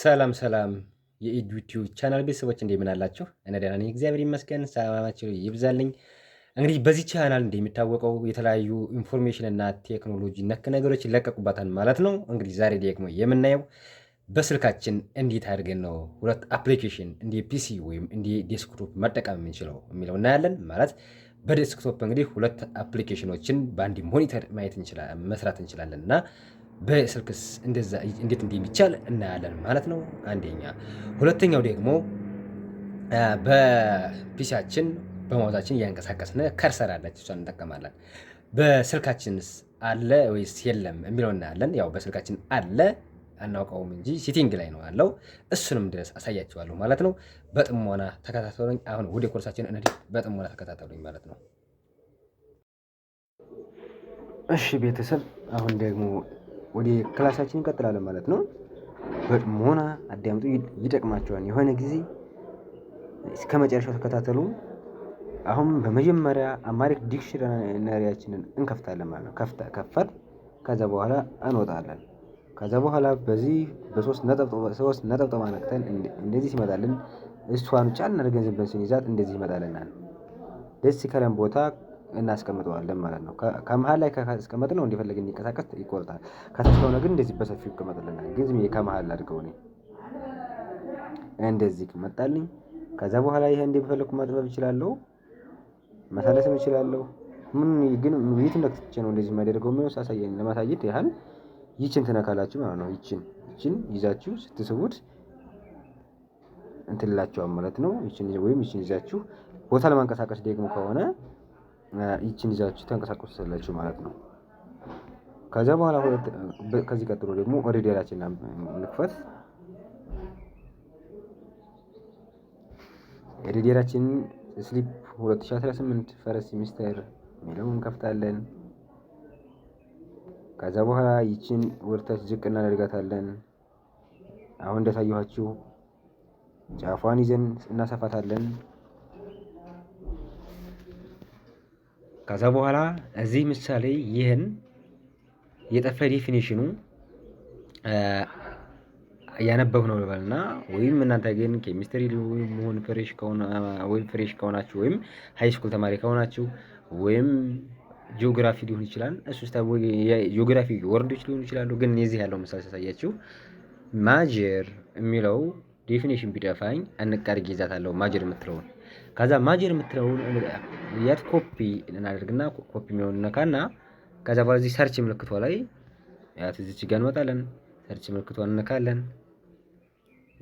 ሰላም ሰላም የኢድ ዩቲዩብ ቻናል ቤተሰቦች እንደምን አላችሁ? እኔ ደህና ነኝ፣ እግዚአብሔር ይመስገን። ሰላማችሁ ይብዛልኝ። እንግዲህ በዚህ ቻናል እንደሚታወቀው የተለያዩ ኢንፎርሜሽን እና ቴክኖሎጂ ነክ ነገሮች ይለቀቁባታል ማለት ነው። እንግዲህ ዛሬ ደግሞ የምናየው በስልካችን እንዴት አድርገን ነው ሁለት አፕሊኬሽን እንደ ፒሲ ወይም እንደ ዴስክቶፕ መጠቀም የምንችለው የሚለው እናያለን። ማለት በዴስክቶፕ እንግዲህ ሁለት አፕሊኬሽኖችን በአንድ ሞኒተር ማየት መስራት እንችላለን እና በስልክስ እንደዛ እንዴት እንደሚቻል እናያለን ማለት ነው። አንደኛ። ሁለተኛው ደግሞ በፒሲያችን በማውዛችን እያንቀሳቀስን ከርሰር አለች፣ እሷን እንጠቀማለን። በስልካችንስ አለ ወይስ የለም የሚለው እናያለን። ያው በስልካችን አለ አናውቀውም እንጂ ሲቲንግ ላይ ነው ያለው። እሱንም ድረስ አሳያችኋለሁ ማለት ነው። በጥሞና ተከታተሉኝ። አሁን ወደ ኮርሳችን እንሂድ። በጥሞና ተከታተሉኝ ማለት ነው። እሺ ቤተሰብ አሁን ደግሞ ወደ ክላሳችን እንቀጥላለን ማለት ነው። በጥሞና አዳምጡ፣ ይጠቅማቸዋል። የሆነ ጊዜ እስከ መጨረሻው ተከታተሉ። አሁን በመጀመሪያ አማሪክ ዲክሽነሪያችንን እንከፍታለን ማለት ነው። ከፈት ከዛ በኋላ እንወጣለን። ከዛ በኋላ በዚህ በሶስት ነጠብጠባ ነቅተን እንደዚህ ሲመጣልን እሷን ጫን አድርገን ዝም ብለን ስንይዛት እንደዚህ ይመጣልናል። ደስ ከለም ቦታ እናስቀምጠዋለን ማለት ነው። ከመሀል ላይ ካስቀመጥ ነው እንደፈለገ እንዲንቀሳቀስ ይቆርጣል። ከታች ከሆነ ግን እንደዚህ በሰፊው ይቀመጥልናል። ግን ዝም ከመሀል አድርገው እኔ እንደዚህ መጣልኝ። ከዛ በኋላ ይሄ እንደፈለኩ ማጥበብ እችላለሁ፣ መሳለስም እችላለሁ። ምን ግን የት ነክቼ ነው እንደዚህ የማደርገው? ምን ሳሳየኝ ለማሳየት ያህል ይችን ትነካላችሁ ማለት ነው። ይችን ይችን ይዛችሁ ስትስቡት እንትላችኋል ማለት ነው። ይችን ወይም ይችን ይዛችሁ ቦታ ለማንቀሳቀስ ደግሞ ከሆነ ይችን ይዛችሁ ተንቀሳቀሳላችሁ ማለት ነው። ከዚያ በኋላ ከዚህ ቀጥሎ ደግሞ ሪዲያላችን እንክፈት። ሪዲያላችን ስሊፕ 2018 ፈረስ ሚስተር የሚለውን እንከፍታለን። ከዚያ በኋላ ይችን ወደታች ዝቅ እናደርጋታለን። አሁን እንደታየኋችሁ ጫፏን ይዘን እናሰፋታለን። ከዛ በኋላ እዚህ ምሳሌ ይህን የጠፈ ዴፊኒሽኑ እያነበብ ነው ልበል እና ወይም እናንተ ግን ኬሚስትሪ መሆን ወይም ፍሬሽ ከሆናችሁ ወይም ሀይ ስኩል ተማሪ ከሆናችሁ ወይም ጂኦግራፊ ሊሆን ይችላል እሱ ጂኦግራፊ ወርዶች ሊሆኑ ይችላሉ። ግን የዚህ ያለው ምሳሌ ሳሳያችሁ ማጀር የሚለው ዴፊኒሽን ቢደፋኝ እንቃርግ ይዛት አለው ማጀር የምትለውን ከዛ ማጅን የምትለውን ያት ኮፒ እናደርግና ኮፒ የሚሆን ነካና ከዛ በኋላ እዚህ ሰርች ምልክቷ ላይ ያት እዚች ጋ እንመጣለን። ሰርች ምልክቷን እንነካለን።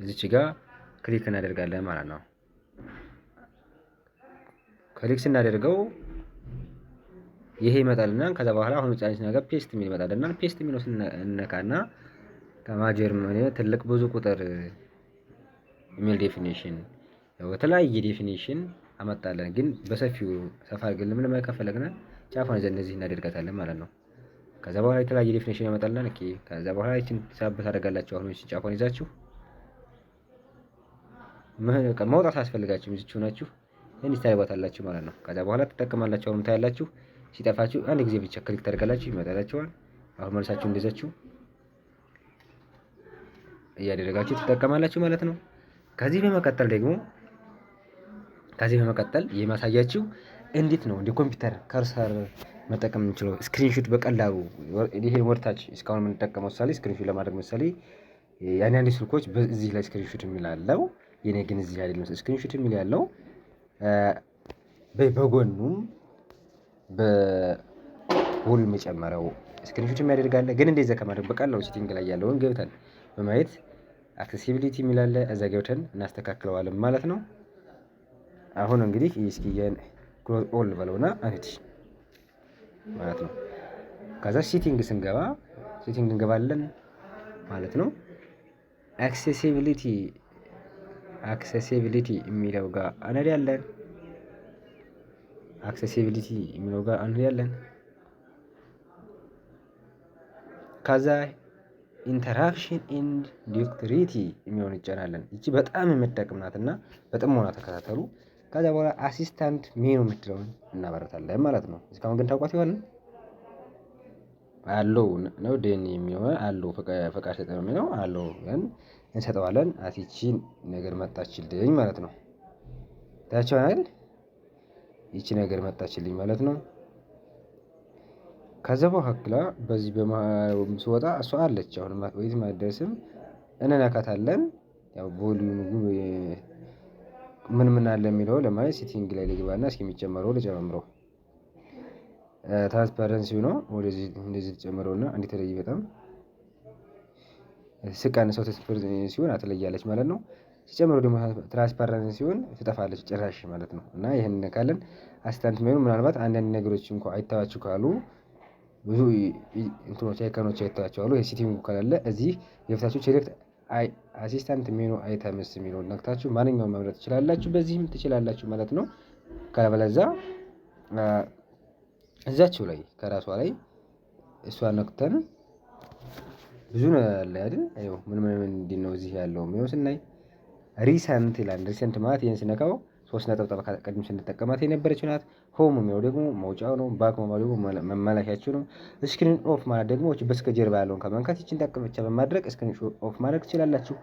እዚች ጋ ክሊክ እናደርጋለን ማለት ነው። ክሊክ ስናደርገው ይሄ ይመጣልና ከዛ በኋላ አሁን ጫንች ነገር ፔስት የሚል ይመጣልና ፔስት የሚለው እንነካና ከማጀር ትልቅ ብዙ ቁጥር የሚል ዴፊኒሽን ያው በተለያየ ዴፊኒሽን አመጣለን፣ ግን በሰፊው ሰፋ ግን ለምንማር ከፈለግን ጫፏን ይዘን እንደዚህ እናደርጋታለን ማለት ነው። ከዛ በኋላ የተለያየ ዴፊኒሽን ያመጣለን። ኦኬ፣ ከዛ በኋላ ይችን ሳብት ታደርጋላችሁ። አሁን ይችን ጫፏን ይዛችሁ መውጣት አያስፈልጋችሁም። ይዝችሁ ናችሁ እን ታደርጓታላችሁ ማለት ነው። ከዛ በኋላ ትጠቀማላችሁ። አሁን ታያላችሁ። ሲጠፋችሁ አንድ ጊዜ ብቻ ክሊክ ታደርጋላችሁ፣ ይመጣላችኋል። አሁን መልሳችሁ እንደዛችሁ እያደረጋችሁ ትጠቀማላችሁ ማለት ነው። ከዚህ በመቀጠል ደግሞ ከዚህ በመቀጠል የማሳያችው እንዴት ነው እንደ ኮምፒውተር ከርሰር መጠቀም የምንችለው ስክሪንሹት በቀላሉ ይሄን ወርታች እስካሁን የምንጠቀመው ምሳሌ ስክሪንሹት ለማድረግ ምሳሌ የአንዳንድ ስልኮች በዚህ ላይ ስክሪንሹት የሚል አለው። የኔ ግን እዚህ አይደለም ስክሪንሹት የሚል ያለው በጎኑም በሁሉም የጨመረው ስክሪንሹት የሚያደርጋለ ግን እንደዛ ከማድረግ በቀላሉ ሴቲንግ ላይ ያለውን ገብተን በማየት አክሴሲቢሊቲ የሚላለ እዛ ገብተን እናስተካክለዋለን ማለት ነው። አሁን እንግዲህ እስኪ ክሎዝ ኦል በለውና አንድ ማለት ነው። ከዛ ሲቲንግ ስንገባ ሲቲንግ እንገባለን ማለት ነው። አክሴሲቢሊቲ አክሴሲቢሊቲ የሚለው ጋር ያለን አክሴሲቢሊቲ የሚለው ጋር ያለን ከዛ ኢንተራክሽን ኤንድ ዲዩክትሪቲ የሚሆን ይጨናለን። እቺ በጣም የምትጠቅም ናትና በጥሞና ተከታተሉ። ከዛ በኋላ አሲስታንት ሜኑ የምትለውን እናበረታለን ማለት ነው። እስካሁን ግን ታውቋት ይሆን አለው ነው ደን የሚሆነ አለው ፈቃድ ሰጠ የሚለው አለው ግን እንሰጠዋለን። አቲቺን ነገር መጣችልኝ ማለት ነው። ታያቸዋን ይቺ ነገር መጣችልኝ ማለት ነው። ከዛ በኋላ በዚህ ስወጣ እሷ አለች። አሁን ወይት ማደርስም እንነካታለን ያው ቮሊዩም ምን ምን አለ የሚለው ለማየት ሴቲንግ ላይ ልግባና እስኪ የሚጨመረው ልጨምረው። ትራንስፓረንሲው ነው ወደዚህ እንደዚህ ልጨምረውና እንዲህ ተለይ በጣም ስቃን ሰው ተስፍር ሲሆን አትለያለች ማለት ነው። ሲጨምረው ደግሞ ሲሆን ትጠፋለች ጭራሽ ማለት ነው። እና ይህን ካለን አስታንት ሜኑ ምናልባት አንዳንድ ነገሮች እንኳ አይታዋቸው ካሉ ብዙ እንትኖች አይከኖች አይታዋችሁ አሉ። ይሄ ካላለ እዚህ የፍታቸው ሴሌክት አሲስታንት ሜኑ አይተምስ የሚለውን ነክታችሁ ማንኛውም መምረጥ ትችላላችሁ። በዚህም ትችላላችሁ ማለት ነው። ከበለዛ እዛችሁ ላይ ከራሷ ላይ እሷ ነክተን ብዙ ነው ያለ አይደል? ምን ምን ምንድን ነው እዚህ ያለው የሚሆን ስናይ ሪሰንት ይላል። ሪሰንት ማለት ይህን ስነካው ሶስት ነጠብጣብ ቀድም ስንጠቀማት የነበረች ናት። ሆም የሚለው ደግሞ መውጫው ነው። ባክ መባል ደግሞ መመላሻችሁ ነው። እስክሪን ኦፍ ማለት ደግሞ በስከ ጀርባ ያለውን ከመንካት ይችን ጠቅመቻ በማድረግ እስክሪን ኦፍ ማድረግ ትችላላችሁ።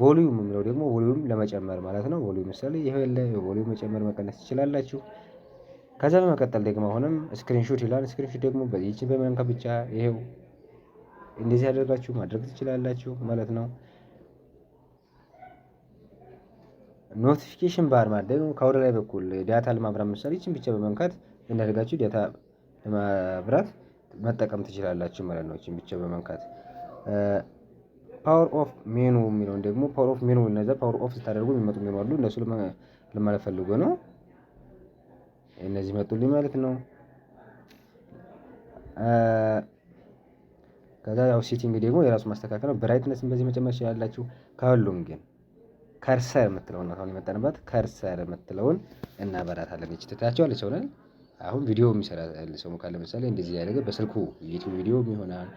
ቮሊዩም የሚለው ደግሞ ቮሊዩም ለመጨመር ማለት ነው። ቮሊዩም ምሳሌ ይሄ ቮሊዩም መጨመር መቀነስ ትችላላችሁ። ከዛ በመቀጠል ደግሞ አሁንም ስክሪንሹት ይላል። ስክሪንሹት ደግሞ ይችን በመንካ ብቻ ይሄው እንደዚህ ያደርጋችሁ ማድረግ ትችላላችሁ ማለት ነው። ኖቲፊኬሽን ባር ማለት ደግሞ ከወደ ላይ በኩል ዳታ ለማብራት ምሳሌ ይችን ብቻ በመንካት እንዳደርጋችሁ ዳታ ለማብራት መጠቀም ትችላላችሁ ማለት ነው። ይችን ብቻ በመንካት ፓወር ኦፍ ሜኑ የሚለውን ደግሞ ፓወር ኦፍ ሜኑ እነዛ ፓወር ኦፍ ስታደርጉ የሚመጡ ሜኑ አሉ። እነሱ ለማለት ፈልጎ ነው። እነዚህ መጡልኝ ማለት ነው። ከዛ ያው ሴቲንግ ደግሞ የራሱ ማስተካከል ነው። ብራይትነስን በዚህ መጨመር ይችላላችሁ። ከሁሉም ግን ከርሰር የምትለውን አሁን የመጠንበት ከርሰር የምትለውን እናበራታለን። ይች ትታቸዋለች ሆናል። አሁን ቪዲዮ የሚሰራ ሰው ካለ ለምሳሌ እንደዚህ ያደረገ በስልኩ ዩቲዩብ ቪዲዮ ይሆናል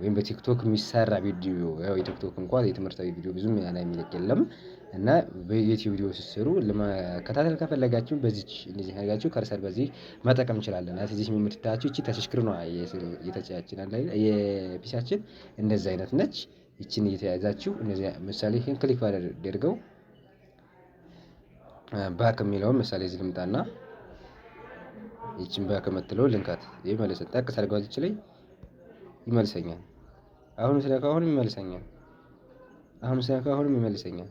ወይም በቲክቶክ የሚሰራ ቪዲዮ፣ ያው የቲክቶክ እንኳ የትምህርታዊ ቪዲዮ ብዙም ያና የሚለቅ የለም እና በዩቲዩብ ቪዲዮ ስሰሩ ለመከታተል ከፈለጋችሁ በዚች እንደዚህ ያደርጋችሁ ከርሰር በዚህ መጠቀም እንችላለን። እዚህ የምትታያችሁ እቺ ተሽክር ነው የፒሲያችን እንደዚህ አይነት ነች። ይችን እየተያያዛችሁ እነዚያ ምሳሌ ይህን ክሊክ ባደርገው ባክ የሚለውን ምሳሌ እዚህ ልምጣና ይችን ባክ የምትለው ልንካት ይመልሰን። ጠቅ ሳድርገዋት ይች ላይ ይመልሰኛል። አሁን ስነካ አሁንም ይመልሰኛል። አሁን ስነካ አሁንም ይመልሰኛል።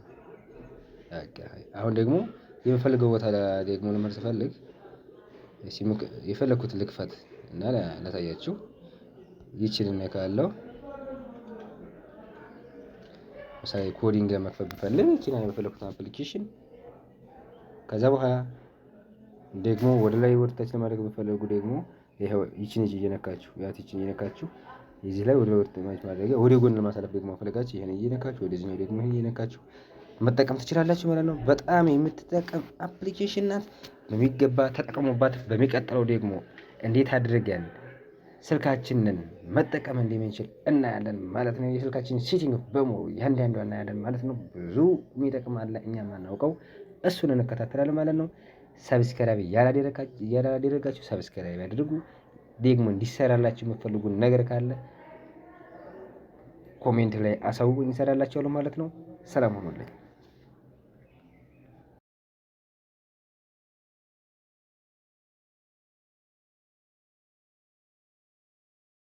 አሁን ደግሞ የምፈልገው ቦታ ደግሞ ልመር ፈልግ የፈለግኩት ልክፈት እና ላሳያችሁ ይችል ነካለው ኮዲንግ ለመክፈል ብፈልግ ኪና የፈለኩትን አፕሊኬሽን ከዛ በኋላ ደግሞ ወደ ላይ ወደ ታች ለማድረግ ብፈልጉ ደግሞ ይችን እጅ እየነካችሁ ያት ይችን እየነካችሁ እዚህ ላይ ወደ ወርጥ ማድረጊያ ወደ ጎን ለማሳለፍ ደግሞ ፈለጋችሁ ይሄን እየነካችሁ ወደዚህኛው ደግሞ ይሄን እየነካችሁ መጠቀም ትችላላችሁ ማለት ነው። በጣም የምትጠቀም አፕሊኬሽን ናት። በሚገባ ተጠቅሙባት። በሚቀጥለው ደግሞ እንዴት አድርገን ስልካችንን መጠቀም እንደምንችል እናያለን ማለት ነው። የስልካችን ሴቲንግ በሙሉ ያንዳንዱ እናያለን ማለት ነው። ብዙ የሚጠቅም አለ እኛ ማናውቀው፣ እሱን እንከታተላለን ማለት ነው። ሰብስክራይብ ያላደረጋችሁ ሰብስክራይብ ያድርጉ። ደግሞ እንዲሰራላችሁ የምትፈልጉን ነገር ካለ ኮሜንት ላይ አሳውቁ፣ እንሰራላችኋለን ማለት ነው። ሰላም ሆኖልኝ